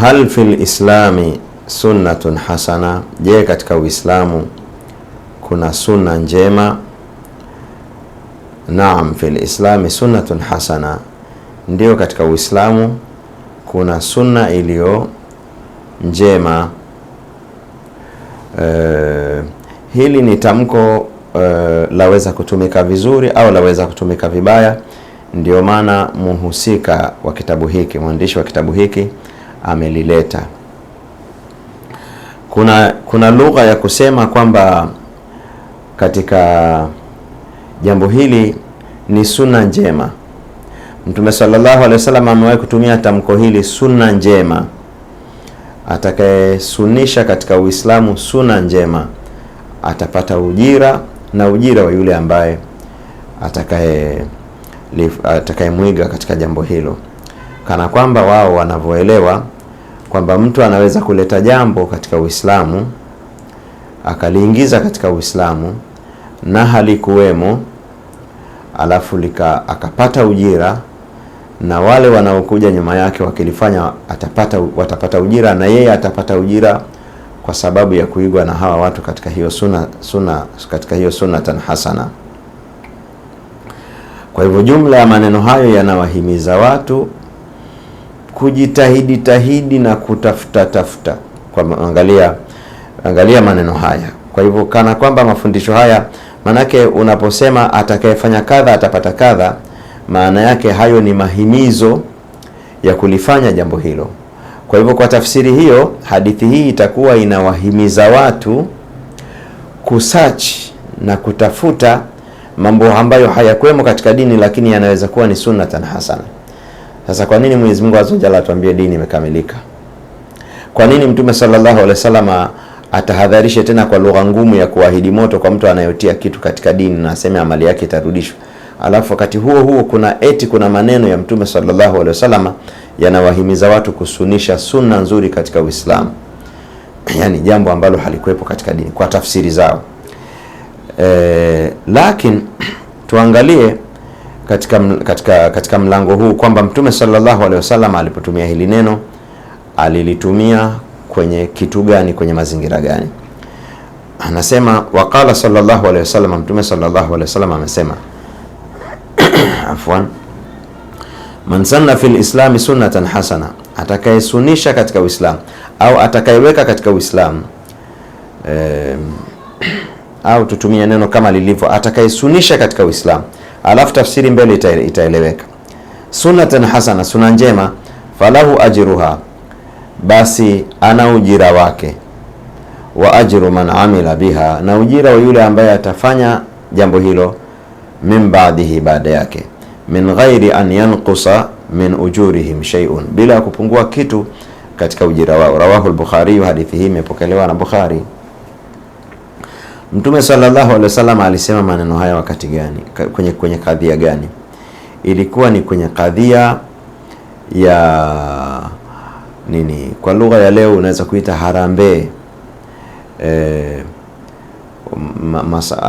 hal fi lislami sunnatun hasana, je, katika Uislamu kuna sunna njema? Naam, fi lislami sunnatun hasana, ndiyo katika Uislamu kuna sunna iliyo njema. Uh, hili ni tamko uh, laweza kutumika vizuri au laweza kutumika vibaya. Ndio maana muhusika wa kitabu hiki, mwandishi wa kitabu hiki amelileta. Kuna, kuna lugha ya kusema kwamba katika jambo hili ni sunna njema. Mtume sallallahu alaihi wasallam amewahi kutumia tamko hili, sunna njema. Atakayesunisha katika Uislamu sunna njema atapata ujira na ujira wa yule ambaye atakaye atakayemwiga katika jambo hilo, kana kwamba wao wanavyoelewa kwamba mtu anaweza kuleta jambo katika Uislamu akaliingiza katika Uislamu na halikuwemo, alafu lika akapata ujira na wale wanaokuja nyuma yake wakilifanya atapata, watapata ujira na yeye atapata ujira kwa sababu ya kuigwa na hawa watu katika hiyo suna, suna, katika hiyo sunnatan hasana. Kwa hivyo jumla ya maneno hayo yanawahimiza watu kujitahidi tahidi na kutafuta tafuta. Kwa angalia, angalia maneno haya. Kwa hivyo kana kwamba mafundisho haya, maanake unaposema atakayefanya kadha atapata kadha, maana yake hayo ni mahimizo ya kulifanya jambo hilo. Kwa hivyo kwa tafsiri hiyo, hadithi hii itakuwa inawahimiza watu kusachi na kutafuta mambo ambayo hayakwemo katika dini, lakini yanaweza kuwa ni sunnatan hasana. Sasa kwa nini Mwenyezi Mungu azza wa jalla atuambie dini imekamilika? Kwa nini Mtume sallallahu alaihi wasallam atahadharishe tena kwa lugha ngumu ya kuahidi moto kwa mtu anayotia kitu katika dini na aseme amali yake itarudishwa? Alafu wakati huo huo kuna eti kuna maneno ya Mtume sallallahu alaihi wasallam yanawahimiza watu kusunisha sunna nzuri katika Uislamu. Yaani jambo ambalo halikuwepo katika dini kwa tafsiri zao. E, eh, lakini tuangalie katika, katika, katika mlango huu kwamba Mtume sallallahu alaihi wasallam alipotumia hili neno alilitumia kwenye kitu gani, kwenye mazingira gani? Anasema waqala sallallahu alaihi wasallam, Mtume sallallahu alaihi wasallam amesema afwan, man sanna fil islami sunnatan hasana, atakayesunisha katika Uislamu au atakayeweka katika Uislamu e, au tutumie neno kama lilivyo, atakayesunisha katika Uislamu alafu tafsiri mbele itaeleweka. Sunnatan hasana, suna njema, falahu ajruha, basi ana ujira wake, wa ajru man amila biha, na ujira wa yule ambaye atafanya jambo hilo, min baadihi, baada yake, min ghairi an yanqusa min ujurihim shay'un, bila kupungua kitu katika ujira wao. Rawahu al-Bukhari, hadithi hii imepokelewa na Bukhari. Mtume sallallahu alaihi wasallam alisema maneno haya wakati gani? Kwenye, kwenye kadhia gani? Ilikuwa ni kwenye kadhia ya nini? Kwa lugha ya leo unaweza kuita harambee e,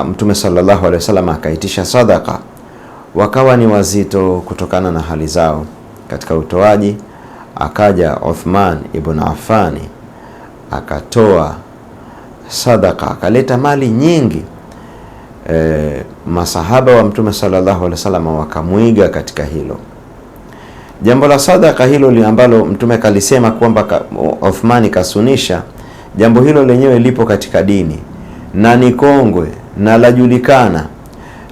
Mtume sallallahu alaihi wasallam akaitisha sadaka, wakawa ni wazito kutokana na hali zao katika utoaji. Akaja Uthman ibn Affani akatoa sadaka, akaleta mali nyingi. E, masahaba wa Mtume sallallahu alaihi wasallam wakamwiga katika hilo jambo la sadaka hilo ambalo Mtume kalisema kwamba Uthmani kasunisha. Jambo hilo lenyewe lipo katika dini na ni kongwe na lajulikana,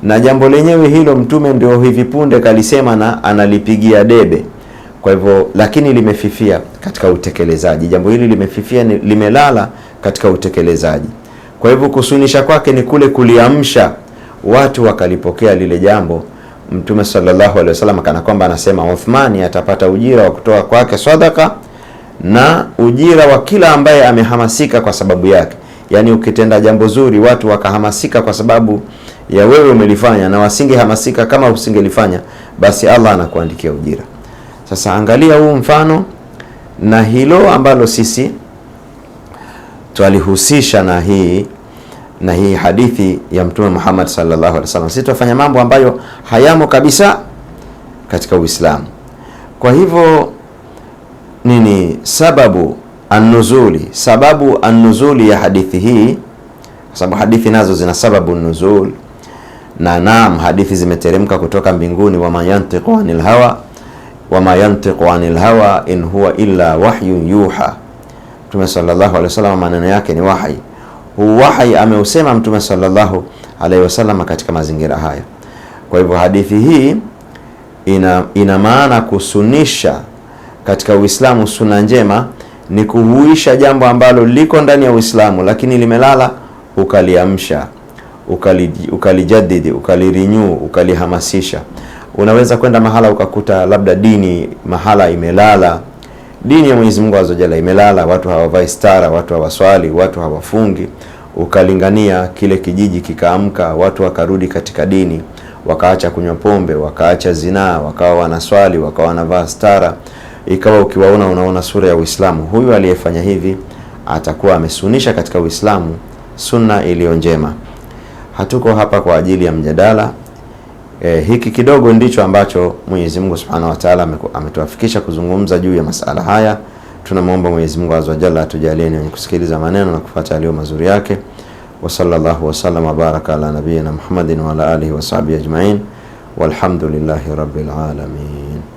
na jambo lenyewe hilo Mtume ndio hivi punde kalisema na analipigia debe. Kwa hivyo lakini limefifia katika utekelezaji, jambo hili limefifia, limelala katika utekelezaji. Kwa hivyo kusunisha kwake ni kule kuliamsha watu wakalipokea lile jambo. Mtume sallallahu alaihi wasallam kana kwamba anasema Uthmani atapata ujira wa kutoa kwake sadaka na ujira wa kila ambaye amehamasika kwa sababu yake. Yaani, ukitenda jambo zuri watu wakahamasika kwa sababu ya wewe umelifanya, na wasingehamasika kama usingelifanya, basi Allah anakuandikia ujira. Sasa angalia huu mfano na hilo ambalo sisi twalihusisha na hii na hii hadithi ya Mtume Muhammad sallallahu alaihi wasallam. Sisi twafanya mambo ambayo hayamo kabisa katika Uislamu. Kwa hivyo nini sababu anuzuli, sababu anuzuli ya hadithi hii, kwa sababu hadithi nazo zina sababu nuzul, na naam, hadithi zimeteremka kutoka mbinguni, wa mayantiqu anil hawa wama yantiqu ani lhawa in huwa illa wahyun yuha. Mtume sallallahu alaihi wasallam maneno yake ni wahi. Huu wahi ameusema Mtume sallallahu alaihi wasallam katika mazingira haya. Kwa hivyo hadithi hii ina, ina maana kusunisha katika Uislamu suna njema ni kuhuisha jambo ambalo liko ndani ya Uislamu lakini limelala, ukaliamsha, ukali, ukalijadidi, ukalirinyu, ukalihamasisha. Unaweza kwenda mahala ukakuta labda dini mahala imelala, dini ya Mwenyezi Mungu azojala imelala, watu hawavai stara, watu hawaswali, watu hawafungi, ukalingania kile kijiji kikaamka, watu wakarudi katika dini, wakaacha kunywa pombe, wakaacha zinaa, wakawa wanaswali, wakawa wanavaa stara, ikawa ukiwaona unaona sura ya Uislamu. Huyu aliyefanya hivi atakuwa amesunisha katika Uislamu sunna iliyo njema. Hatuko hapa kwa ajili ya mjadala. E, hiki kidogo ndicho ambacho Mwenyezi Mungu Subhanahu wa Ta'ala ametuafikisha kuzungumza juu ya masala haya. Tunamwomba Mwenyezi Mungu Azza wa Jalla atujalie ni wenye kusikiliza maneno na kufuata yaliyo mazuri yake. Wa sallallahu wa sallama baraka ala nabiyyina Muhammadin wa ala alihi wa sahbihi ajma'in walhamdulillahi rabbil alamin.